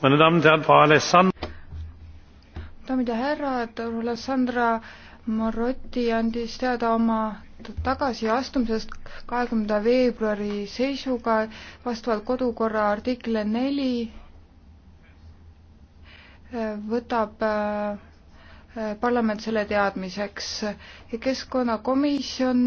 daamid ja härrad, Alessandra Marotti andis teada oma tagasiastumisest kahekümnenda veebruari seisuga vastavalt kodukorra artikli neli võtab äh, parlament selle teadmiseks ja keskkonnakomisjon